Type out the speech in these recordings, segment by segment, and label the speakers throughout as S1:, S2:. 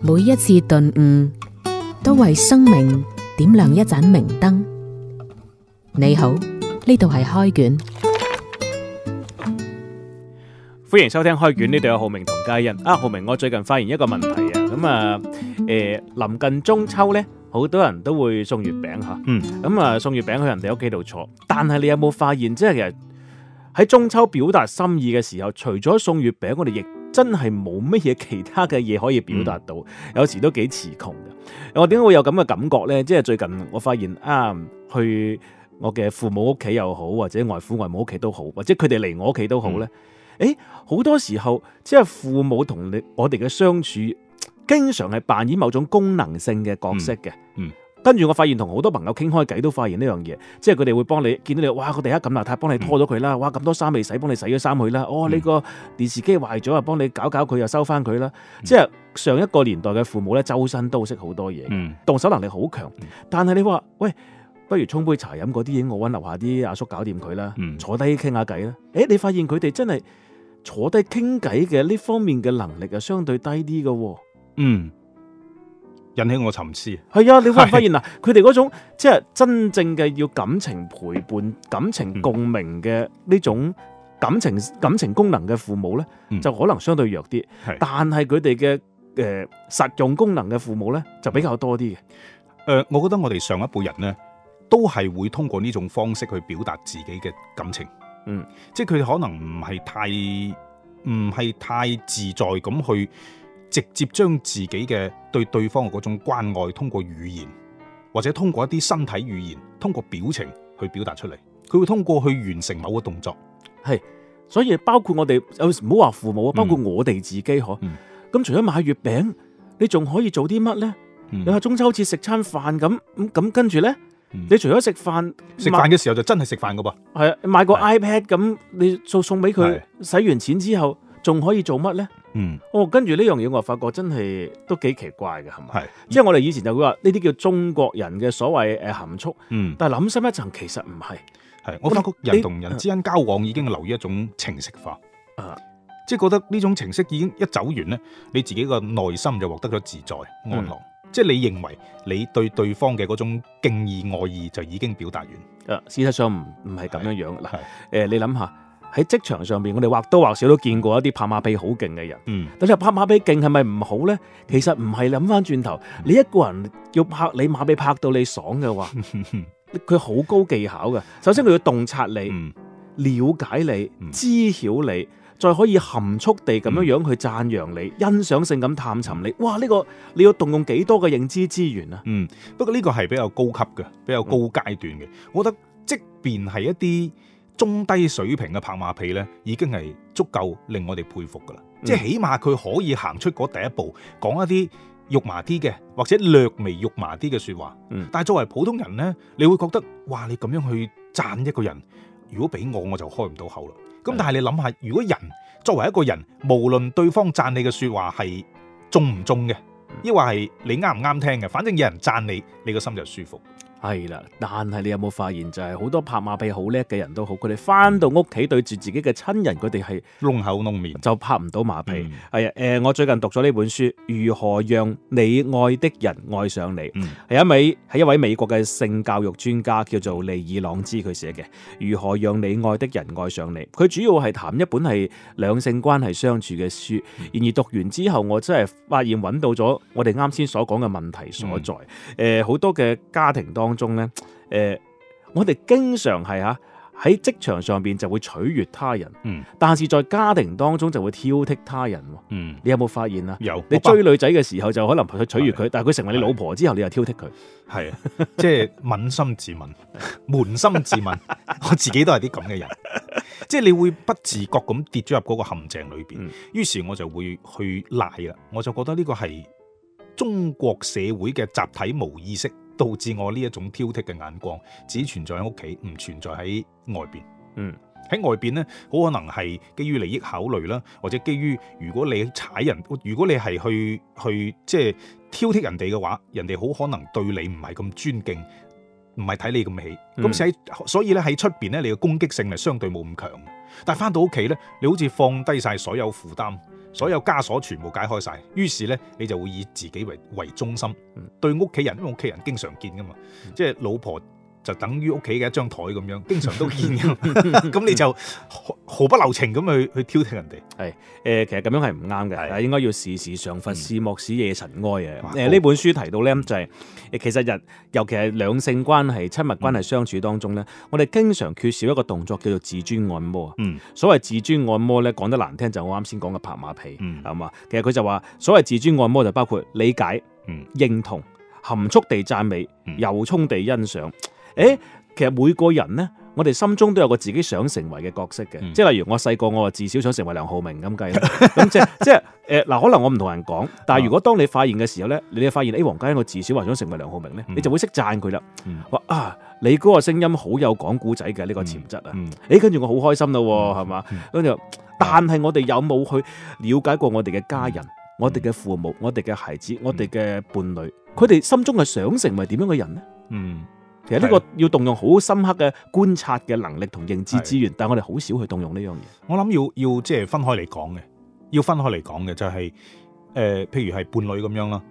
S1: 每一次頓悟，都為生命點亮一盞明燈。你好，呢度係開卷，歡迎收聽開卷。呢度有浩明同佳欣。啊，浩明，我最近發現一個問題啊，咁啊，誒、呃，臨近中秋呢，好多人都會送月餅吓，嗯，咁啊，送月餅去人哋屋企度坐。但係你有冇發現，即係其實喺中秋表達心意嘅時候，除咗送月餅，我哋亦真係冇乜嘢其他嘅嘢可以表達到，嗯、有時都幾詞窮嘅。我點解會有咁嘅感覺咧？即係最近我發現啊，去我嘅父母屋企又好，或者外父外母屋企都好，或者佢哋嚟我屋企都好咧。誒、嗯，好、欸、多時候即係父母同你我哋嘅相處，經常係扮演某種功能性嘅角色嘅、嗯。嗯。跟住我發現同好多朋友傾開偈都發現呢樣嘢，即係佢哋會幫你見到你，哇！個地下咁邋遢，幫你拖咗佢啦。嗯、哇！咁多衫未洗，幫你洗咗衫去啦。哦，呢、嗯、個電視機壞咗啊，幫你搞搞佢又收翻佢啦。嗯、即係上一個年代嘅父母咧，周身都識好多嘢，嗯、動手能力好強。嗯、但係你話喂，不如沖杯茶飲嗰啲嘢，我揾樓下啲阿叔搞掂佢啦。嗯、坐低傾下偈啦。誒，你發現佢哋真係坐低傾偈嘅呢方面嘅能力係相對低啲嘅喎。嗯。引起我沉思，係啊，你發唔發現，嗱、啊？佢哋嗰種即係真正嘅要感情陪伴、感情共鳴嘅呢種感情、嗯、感情功能嘅父母咧，嗯、就可能相對弱啲。是但係佢哋嘅誒實用功能嘅父母咧，就比較多啲嘅。誒、呃，我覺得我哋
S2: 上一輩人咧，都係會通過呢種方式去表達自己嘅感情。嗯，即係佢哋可能唔係太唔係太自在咁去。直接將自己嘅對對方嘅嗰種關愛，通過語言或者通過一啲身體語言，通過表情去表達出嚟。佢會通過去完成某個動作。
S1: 係，所以包括我哋唔好話父母啊，包括我哋自己嗬。咁除咗買月餅，你仲可以做啲乜呢？你話、嗯、中秋好似食餐飯咁，咁跟住呢，你除咗食飯，食飯嘅時候就真係食飯噶噃。係啊，買個 iPad 咁的，你送送俾佢，使完錢之後，仲可以做乜呢？嗯，哦，跟住呢樣嘢我發覺真係都幾奇怪嘅，係咪是？係，即係我哋以前就會話呢啲叫中國人嘅所謂誒含蓄，嗯，但係諗深一層其實唔係，係是你我發覺人同人之間交往已
S2: 經留於一種程式化，誒、啊，即係覺得呢種程式已經一走完咧，你自己個內心就獲得咗自在安樂，嗯、即係你認為你對對方嘅嗰種
S1: 敬意愛意就已經表達完，誒、啊，事實上唔唔係咁樣樣，嗱，誒、啊啊，你諗下。喺職場上邊，我哋或多或少都見過一啲拍馬屁好勁嘅人。嗯，但你拍馬屁勁係咪唔好咧？嗯、其實唔係，諗翻轉頭，你一個人要拍你馬屁拍到你爽嘅話，佢好、嗯、高技巧嘅。首先佢要洞察你，嗯、了解你，嗯、知曉你，再可以含蓄地咁樣樣去讚揚你，嗯、欣賞性咁探尋你。哇！呢、呢個你要動用幾多嘅認知資源啊？嗯，不過呢個係比較高
S2: 級嘅，比較高階段嘅。我覺得，即便係一啲，中低水平嘅拍馬屁呢，已經係足夠令我哋佩服㗎喇。即係、嗯、起碼佢可以行出嗰第一步，講一啲肉麻啲嘅，或者略微肉麻啲嘅説話。嗯、但係作為普通人呢，你會覺得哇，你咁樣去讚一個人，如果俾我我就開唔到口啦。咁、嗯、但係你諗下，如果人作為一個人，無論對方讚你嘅説話係中唔中嘅，抑或係你啱唔啱聽嘅，反正有人讚你，你個心就舒服。
S1: 係啦，但係你有冇發現就係好多拍馬屁好叻嘅人都好，佢哋返到屋企對住自己嘅親人，佢哋係弄口弄面就拍唔到馬屁。係誒、嗯呃，我最近讀咗呢本書《如何讓你愛的人愛上你》嗯，係一美係一位美國嘅性教育專家，叫做利爾朗茲，佢寫嘅《如何讓你愛的人愛上你》。佢主要係談一本係兩性關係相處嘅書。然而讀完之後，我真係發現揾到咗我哋啱先所講嘅問題所在。誒、嗯，好、呃、多嘅家庭當。當中咧，誒、呃，我哋經常係吓喺職場上邊就會取悅他人，嗯，但是在家庭當中就會挑剔他人，嗯，你有冇發現啊、嗯？有，你追女仔嘅時候就可能佢取悅佢，不但係佢成為你老婆之後，你又挑剔佢、嗯，係啊，即
S2: 係捫心自問，捫心自問， 我自己都係啲咁嘅人，即係你會不自覺咁跌咗入嗰個陷阱裏邊，於、嗯、是我就會去賴啦，我就覺得呢個係中國社會嘅集體無意識。導致我呢一種挑剔嘅眼光，只存在喺屋企，唔存在喺外邊。嗯，喺外邊咧，好可能係基於利益考慮啦，或者基於如果你踩人，如果你係去去即係挑剔人哋嘅話，人哋好可能對你唔係咁尊敬，唔係睇你咁起。咁、嗯、所以所以咧喺出邊咧，你嘅攻擊性係相對冇咁強。但係翻到屋企咧，你好似放低晒所有負擔。所有枷鎖全部解開晒，於是咧你就會以自己為為中心，嗯、對屋企人，因為屋企人經常見㗎嘛，嗯、即係老婆。就等於屋企嘅一張枱咁樣，經常都見咁，你就毫不留情咁去去挑剔人哋。
S1: 係誒，其實咁樣係唔啱嘅，係應該要時時常拂拭莫使惹塵埃啊。誒呢本書提到咧，就係其實人尤其係兩性關係、親密關係相處當中咧，我哋經常缺少一個動作叫做自尊按摩啊。嗯，所謂自尊按摩咧，講得難聽就我啱先講嘅拍馬屁，係嘛？其實佢就話所謂自尊按摩就包括理解、認同、含蓄地讚美、由衷地欣賞。誒、欸，其實每個人咧，我哋心中都有個自己想成為嘅角色嘅，即係、嗯、例如我細個我啊，至少想成為梁浩明咁計咁即即誒嗱。可能我唔同人講，但係如果當你發現嘅時候咧，你會發現誒，黃家欣我至少話想成為梁浩明咧，嗯、你就會識讚佢啦，話、嗯、啊，你嗰個聲音好有講古仔嘅呢個潛質啊！誒、嗯，跟住、欸、我好開心咯，係嘛、嗯？跟住，但係我哋有冇去了解過我哋嘅家人、嗯、我哋嘅父母、我哋嘅孩子、我哋嘅伴侶，佢哋心中係想成為點樣嘅人呢？嗯。其實呢個要動用好深刻嘅觀察嘅能力同認知資源，是的 但係我哋好少去
S2: 動用呢樣嘢。我諗要要即係分開嚟講嘅，要分開嚟講嘅就係、是、誒、呃，譬如係伴侶咁樣咯。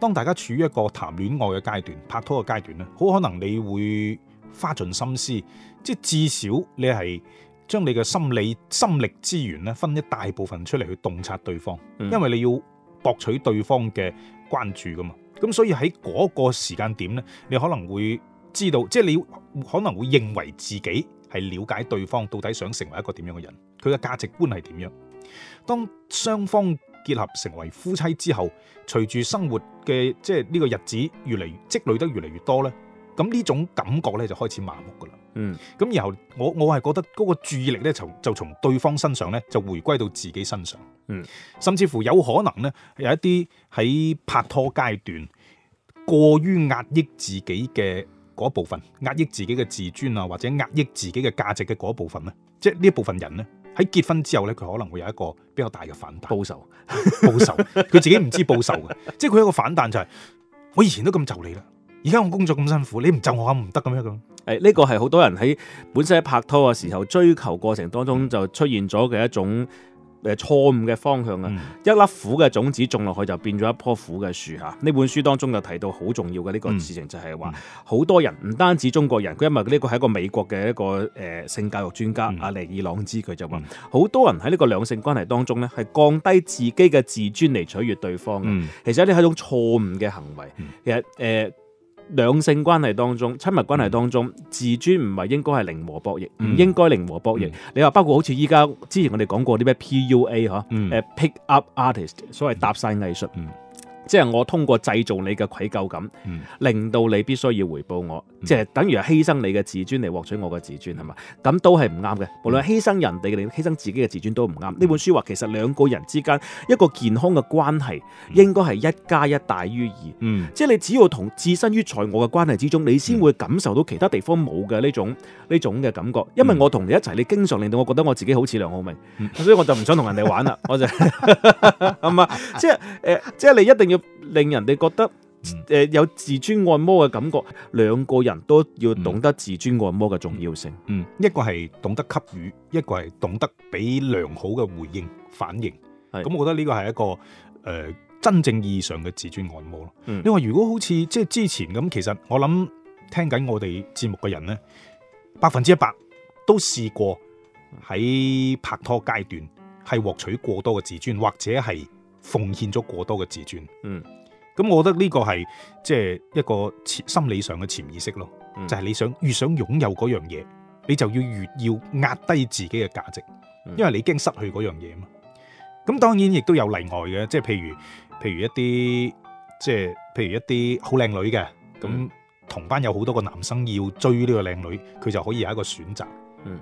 S2: 當大家處於一個談戀愛嘅階段、拍拖嘅階段咧，好可能你會花盡心思，即係至少你係將你嘅心理心力資源咧分一大部分出嚟去洞察對方，嗯、因為你要博取對方嘅關注噶嘛。咁所以喺嗰個時間點咧，你可能會。知道，即係你可能會認為自己係了解對方到底想成為一個點樣嘅人，佢嘅價值觀係點樣。當雙方結合成為夫妻之後，隨住生活嘅即係呢個日子越嚟積累得越嚟越多咧，咁呢種感覺咧就開始麻木噶
S1: 啦。嗯，
S2: 咁然後我我係覺得嗰個注意力咧就就從對方身上咧就回歸到自己身上。嗯，甚至乎有可能咧有一啲喺拍拖階段過於壓抑自己嘅。嗰部分壓抑自己嘅自尊啊，或者壓抑自己嘅價值嘅嗰部分咧，即係呢一部分人咧喺結婚之後咧，佢可能會有一個比較大嘅反彈，報仇報仇，佢 自己唔知報仇嘅， 即係佢有個反彈就係、是、我以前都咁就你啦，而家我工作咁辛苦，你唔就我下唔得咁樣
S1: 咁。誒、哎，呢個係好多人喺本身喺拍拖嘅時候追求過程當中就出現咗嘅一種。誒錯誤嘅方向啊！嗯、一粒苦嘅種子種落去就變咗一棵苦嘅樹嚇。呢本書當中就提到好重要嘅呢個事情，嗯、就係話好多人唔單止中國人，佢因為呢個係一個美國嘅一個誒性教育專家阿尼爾朗茲，佢就話好、嗯、多人喺呢個兩性關係當中咧，係降低自己嘅自尊嚟取悅對方、嗯、其實呢係一種錯誤嘅行為。嗯、其實誒。呃兩性關係當中、親密關係當中，嗯、自尊唔係應該係零和博弈，唔、嗯、應該零和博弈。嗯、你話包括好似依家之前我哋講過啲咩 PUA 嚇，誒、uh, pick up artist，所謂搭訕藝術。嗯嗯即係我通過製造你嘅愧疚感，令到你必須要回報我，即係等於犧牲你嘅自尊嚟獲取我嘅自尊，係嘛？咁都係唔啱嘅。無論犧牲人哋嘅，或者犧牲自己嘅自尊都唔啱。呢本書話，其實兩個人之間一個健康嘅關係，應該係一加一大於二。即係你只要同置身於財我嘅關係之中，你先會感受到其他地方冇嘅呢種呢種嘅感覺。因為我同你一齊，你經常令到我覺得我自己好似梁浩明，所以我就唔想同人哋玩啦。我就係唔係？即係誒，即係你一定要。令人哋覺得誒、呃、有自尊按摩嘅感覺，兩個人都要懂得自尊按摩嘅重要性。嗯，一個係懂得給予，一個係
S2: 懂得俾良好嘅回應反應。咁是我覺得呢個係一個誒、呃、真正意義上嘅自尊按摩咯。嗯，你話如果好似即係之前咁，其實我諗聽緊我哋節目嘅人呢，百分之一百都試過喺拍拖階段係獲取過多嘅自尊，或者係。奉獻咗過多嘅自尊，嗯，咁我覺得呢個係即係一個潛心理上嘅潛意識咯，嗯、就係你想越想擁有嗰樣嘢，你就要越要壓低自己嘅價值，嗯、因為你驚失去嗰樣嘢嘛。咁當然亦都有例外嘅，即係譬如譬如一啲即係譬如一啲好靚女嘅，咁同班有好多個男生要追呢個靚女，佢就可以有一個選擇。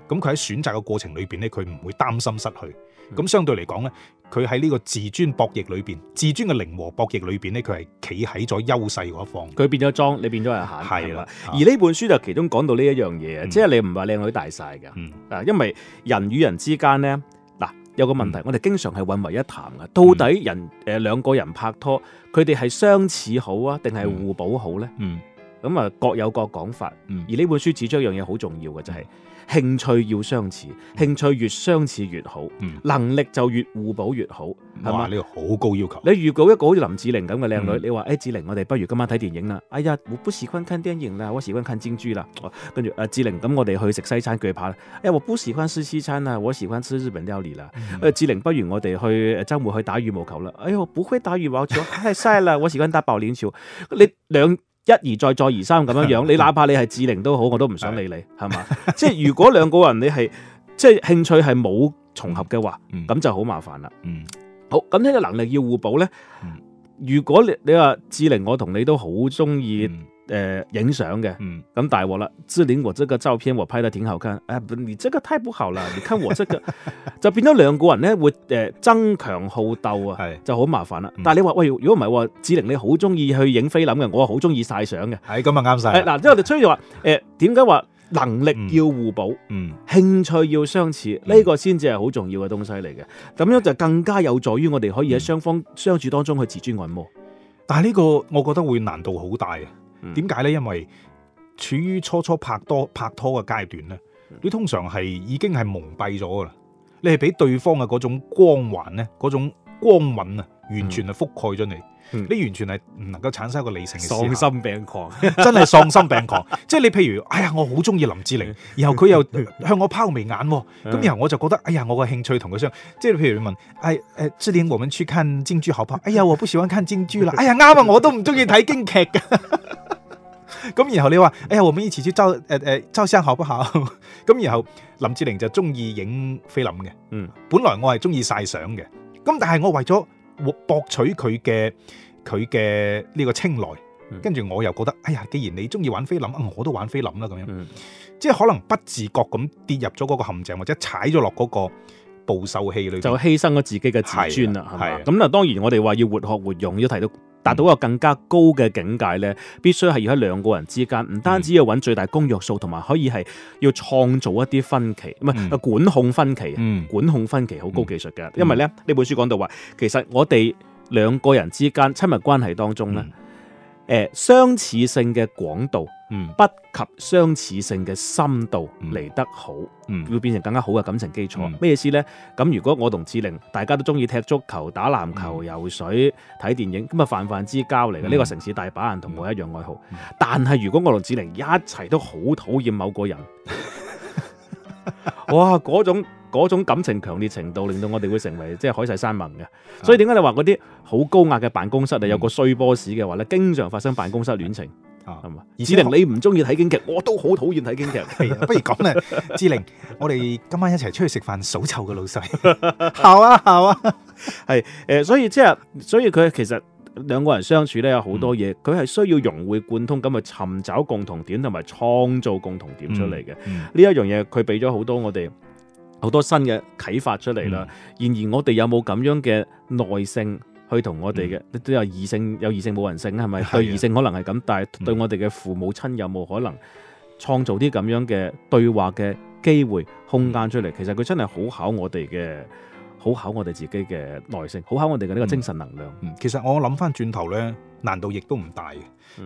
S2: 咁佢喺選擇嘅過程裏邊咧，佢唔會擔心失去。咁、嗯、相對嚟講咧，佢喺呢個自尊博弈裏邊，自尊嘅零
S1: 和博弈裏邊咧，佢係企喺咗優勢嗰一方。佢變咗莊，你變咗係閒，係啦。而呢本書就其中講到呢一樣嘢、嗯、即係你唔話靚女大晒㗎，啊、嗯，因為人與人之間咧，嗱有個問題，嗯、我哋經常係混為一談嘅。到底人誒、嗯、兩個人拍拖，佢哋係相似好啊，定係互補好咧？嗯，咁啊、嗯、各有各講法。而呢本書指出一樣嘢好重要嘅就係、是。興趣要相似，興趣越相似越好，嗯、能力就越互補越好，係嘛？你好高要求。你遇到一個好似林志玲咁嘅靚女，嗯、你話誒志玲，我哋不如今晚睇電影啦。哎呀，我不喜歡看電影啦，我喜歡看珍珠啦、哦。跟住誒志玲，咁我哋去食西餐鋸扒啦。哎，我不喜歡吃西餐啦，我喜歡吃日本料理啦。志、嗯呃、玲，不如我哋去週末去打羽毛球啦。哎喲，我不會打羽毛球， 太曬啦，我喜歡打保齡球。你兩。一而再，再而三咁樣樣，嗯、你哪怕你係志玲都好，我都唔想理你，係嘛？即係如果兩個人你係即係興趣係冇重合嘅話，咁就好麻煩啦。嗯，嗯好，咁呢個能力要互補咧。嗯、如果你你話志玲，我同你都好中意。誒，影相嘅，咁大鑊啦！志玲，嗯，這我這個照片我拍得挺好看，誒、哎，你這個太不好啦！你看我這個， 就變咗兩個人咧，會誒爭強好鬥啊，係是就好麻煩啦。嗯、但係你話喂，如果唔係話，志玲你好中意去影菲林嘅，我好中意晒相嘅，係咁啊，啱晒。嗱，即係我哋雖然話，誒，點解話能力要互補，嗯，興趣要相似，呢個先至係好重要嘅東西嚟嘅，咁樣就更加有助於我哋可以喺雙方相處、嗯、當中去自尊按摩。但係呢個我覺得會難度好大嘅。點解咧？因為
S2: 處於初初拍拖拍拖嘅階段咧，你通常係已經係蒙蔽咗噶啦，你係俾對方嘅嗰種光環咧，嗰種光韻啊，完全係覆蓋咗你，你完全係唔能夠產生一個理性嘅喪心
S1: 病狂，真係喪
S2: 心病狂。即係你譬如，哎呀，我好中意林志玲，然後佢又向我拋眉眼，咁然後我就覺得，哎呀，我個興趣同佢相，即係譬如你問，誒誒，志玲，我們去看珍珠好怕？哎呀，我不喜歡看珍珠啦。哎呀，啱啊，我都唔中意睇京劇噶。咁然後你話，嗯、哎呀，我唔可以前招誒誒、呃、招生好唔好？咁 然後林志玲就中意影菲林嘅，嗯，本來我係中意晒相嘅，咁但係我為咗博取佢嘅佢嘅呢個青睞，跟住、嗯、我又覺得，哎呀，既然你中意玩菲林，我都玩菲林啦，咁樣，嗯、即係可能不自覺咁跌入咗嗰個陷阱，或者踩咗落嗰個
S1: 暴獸器裏就犧牲咗自己嘅自尊啦，係的，咁啊的，當然我哋話要活學活用，要提到。的達到一個更加高嘅境界咧，必須係要喺兩個人之間，唔單止要揾最大公約數，同埋可以係要創造一啲分歧，唔係、嗯、管控分歧、嗯、管控分歧好高技術嘅。因為咧呢本書講到話，其實我哋兩個人之間親密關係當中咧，誒、嗯呃、相似性嘅廣度。不及相似性嘅深度嚟得好，會變成更加好嘅感情基礎。咩意思呢？咁如果我同志玲，大家都中意踢足球、打籃球、游水、睇電影，咁啊泛泛之交嚟嘅。呢個城市大把人同我一樣愛好。但係如果我同志玲一齊都好討厭某個人，哇！嗰種嗰種感情強烈程度，令到我哋會成為即係海誓山盟嘅。所以點解你話嗰啲好高壓嘅辦公室啊，有個衰 boss 嘅話咧，經常發生辦公室戀情。啊，而志玲你唔中意睇京劇，我都好討厭睇京劇。 不如咁啦，志 玲，我哋今晚一齊出去食飯數臭嘅老細、 啊，好啊好啊，係誒、呃，所以即係，所以佢其實兩個人相處咧有好多嘢，佢係、嗯、需要融會貫通，咁去尋找共同點同埋創造共同點出嚟嘅。呢一、嗯嗯、樣嘢，佢俾咗好多我哋好多，多新嘅啟發出嚟啦。嗯、然而我哋有冇咁樣嘅耐性？去同我哋嘅，嗯、都有異性有異性冇人性咧，係咪？係嘅，對異性可能係咁，嗯、但係對我哋嘅父母親有冇可能創造啲咁樣嘅對話嘅機會空間出嚟？嗯、其實佢真係好考我哋嘅，好考我哋自己嘅耐性，好考我哋嘅呢個精神能量。嗯、
S2: 嗯，其實我諗翻轉頭呢，難度亦都唔大。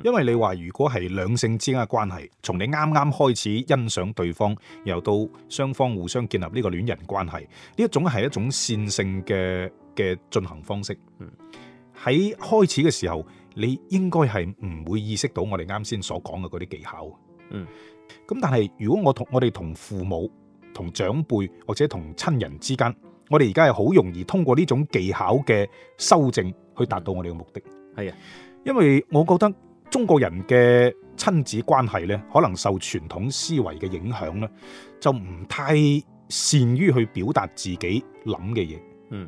S2: 因為你話如果係兩性之間嘅關係，從你啱啱開始欣賞對方，又到雙方互相建立呢個戀人關係，呢一種係一種線性嘅嘅進行方式。喺、嗯、開始嘅時候，你應該係唔會意識到我哋啱先所講嘅嗰啲技巧。嗯。咁但係如果我同我哋同父母、同長輩或者同親人之間，我哋而家係好容易通過呢種技巧嘅修正，去達到我哋嘅目的。係啊的，因為我覺得。中國人嘅親子關係咧，可能受傳統思維嘅影響咧，就唔太善於去表達自己諗嘅嘢。嗯，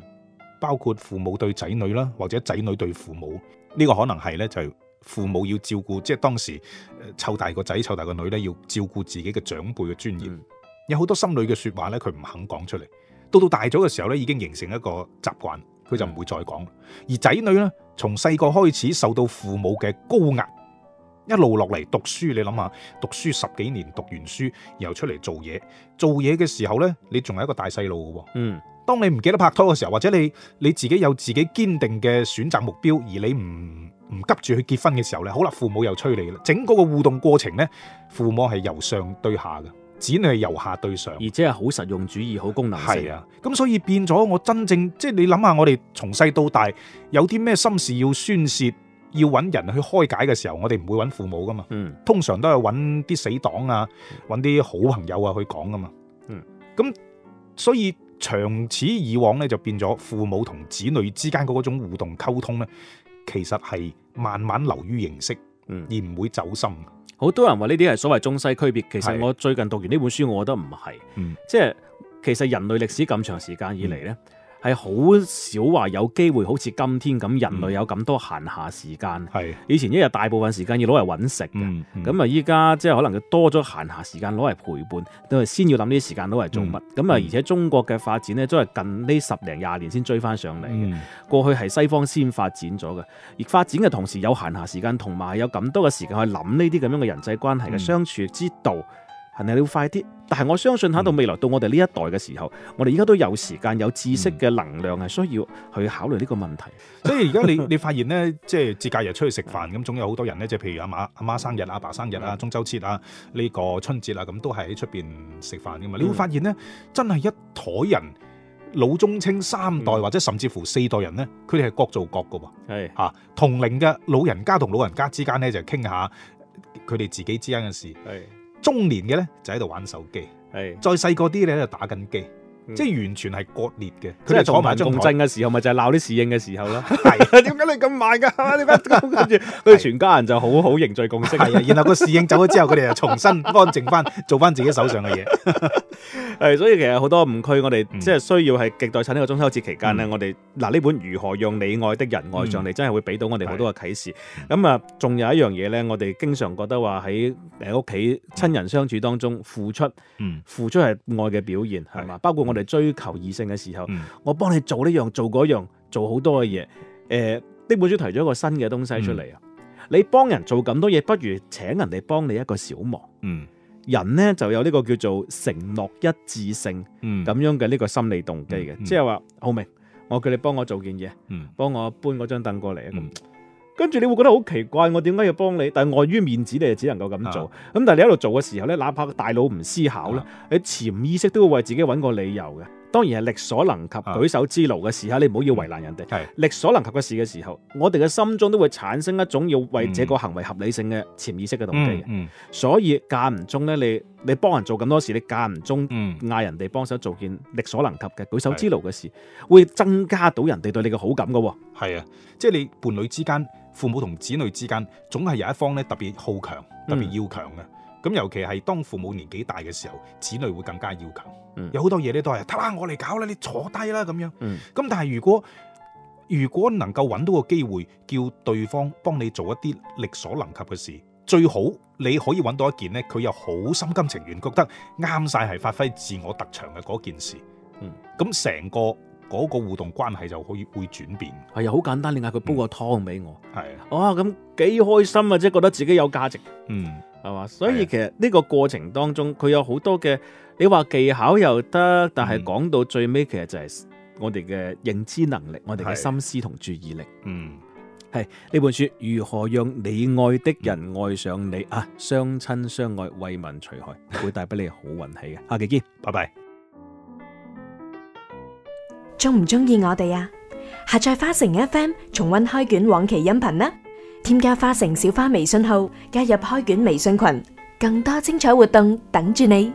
S2: 包括父母對仔女啦，或者仔女對父母，呢、這個可能係咧就父母要照顧，即、就、係、是、當時、呃、湊大個仔、湊大個女咧，要照顧自己嘅長輩嘅尊嚴，嗯、有好多心裏嘅說話咧，佢唔肯講出嚟。到到大咗嘅時候咧，已經形成一個習慣，佢就唔會再講。而仔女呢？從細個開始受到父母嘅高壓，一路落嚟讀書，你諗下，讀書十幾年，讀完書然後出嚟做嘢，做嘢嘅時候呢，你仲係一個大細路嘅。嗯，當你唔記得拍拖嘅時候，或者你你自己有自己堅定嘅選擇目標，而你唔唔急住去結婚嘅時候呢。好啦，父母又催你啦。整個互動過程呢，父母係由上對下嘅。子女係由下對上，而且係好實用主義、好功能性。係啊，咁所以變咗我真正即係、就是、你諗下，我哋從細到大有啲咩心事要宣洩，要揾人去開解嘅時候，我哋唔會揾父母噶嘛。嗯，通常都係揾啲死黨啊，揾啲好朋友啊去講噶嘛。嗯，咁所以長此以往呢，就變咗父母同子女之間嗰種互動溝通呢，
S1: 其實係慢慢流於形式，嗯、而唔會走心。好多人話呢啲係所謂中西區別，其實我最近讀完呢本書，我覺得唔係，嗯、即係其實人類歷史咁長時間以嚟咧。嗯係好少話有機會好似今天咁，人類有咁多閒暇時間。係、嗯嗯、以前一日大部分時間要攞嚟揾食嘅，咁啊，依家即係可能佢多咗閒暇時間攞嚟陪伴，都係先要諗呢啲時間攞嚟做乜。咁啊、嗯嗯、而且中國嘅發展咧，都係近呢十零廿年先追翻上嚟嘅。嗯、過去係西方先發展咗嘅，而發展嘅同時有閒暇時間，同埋有咁多嘅時間去諗呢啲咁樣嘅人際關係嘅相處之道。嗯嗯肯你要快啲，但係我相信喺到未來、嗯、到我哋呢一代嘅時候，我哋而家都有時間、有知識嘅能量，係需要去考慮呢個問題、嗯。所以而家你你發現
S2: 咧，即係節假日出去食飯咁，嗯、總有好多人咧，即係譬如阿媽、阿媽生日、阿爸、爸生日啊、中秋節啊、呢、呢個春節啊，咁都係喺出邊食飯噶嘛。你會發現咧，真係一枱人老中青三代，嗯、或者甚至乎四代人咧，佢哋係各做各噶喎。係嚇是的、啊、同齡嘅老人家同老人家之間咧，就傾下佢哋自己之間嘅事。係的。中年嘅咧就喺度玩手機，係再細個啲咧喺度打緊機。的即係完全係割裂嘅，即係坐埋共振嘅時候，咪就係鬧啲侍應嘅時候咯。
S1: 係啊，點解你咁
S2: 慢㗎？點解跟住佢哋全家人就好好凝聚共識？係啊，然後個侍應走咗之後，佢哋又重新安靜翻，做翻自己手上嘅嘢。
S1: 係，所以其實好多誤區，我哋即係需要係極待趁呢個中秋節期間呢，我哋嗱呢本《如何讓你愛的人愛上你》真係會俾到我哋好多嘅啟示。咁啊，仲有一樣嘢呢，我哋經常覺得話喺屋企親人相處當中付出，付出係愛嘅表現係嘛，包括。我哋追求異性嘅時候，嗯、我幫你做呢樣做嗰樣做好多嘅嘢。誒、呃，啲本書提咗一個新嘅東西出嚟啊！嗯、你幫人做咁多嘢，不如請人哋幫你一個小忙。嗯，人咧就有呢個叫做承諾一致性咁、嗯、樣嘅呢個心理動機嘅，嗯嗯、即係話，浩明，我叫你幫我做件嘢，幫、嗯、我搬嗰張凳過嚟啊！嗯跟住你會覺得好奇怪，我點解要幫你？但係礙於面子，你就只能夠咁做。咁但係你喺度做嘅時候呢，哪怕大腦唔思考咧，你潛意識都會為自己揾個理由嘅。當然係力所能及、舉手之勞嘅時候，你唔好要為難人哋。力所能及嘅事嘅時候，我哋嘅心中都會產生一種要為這個行為合理性嘅潛意識嘅動機。嗯，所以間唔中呢，你你幫人做咁多事，你間唔中嗌人哋幫手做件力所能及嘅舉手之勞嘅事，會增加到人哋對你嘅好感嘅。係啊，即係你伴侶
S2: 之間。父母同子女之間總係有一方咧，特別好強，特別要強嘅。咁、嗯、尤其係當父母年紀大嘅時候，子女會更加要強。嗯、有好多嘢咧，都係得啦，我嚟搞啦，你坐低啦咁樣。咁、嗯、但係如果如果能夠揾到個機會，叫對方幫你做一啲力所能及嘅事，最好你可以揾到一件咧，佢又好心甘情願，覺得啱晒係發揮自我特長嘅嗰件事。嗯，
S1: 咁成個。嗰個互動關係就可以會轉變，係啊，好簡單，你嗌佢煲個湯俾我，係啊、嗯，哇，咁幾、哦、開心啊，即係覺得自己有價值，嗯，係嘛，所以其實呢個過程當中，佢有好多嘅，你話技巧又得，但係講到最尾，其實就係我哋嘅認知能力，嗯、我哋嘅心思同注意力，嗯，係呢本書如何讓你愛的人愛上你啊，相親相愛，為民除害，會帶俾你好運氣嘅，下期見，拜拜。
S2: 鍾唔鍾意我哋呀？下載花城 FM 重溫開卷往期音頻啦！添加花城小花微信號，加入開卷微信群，更多
S1: 精彩活動等住你。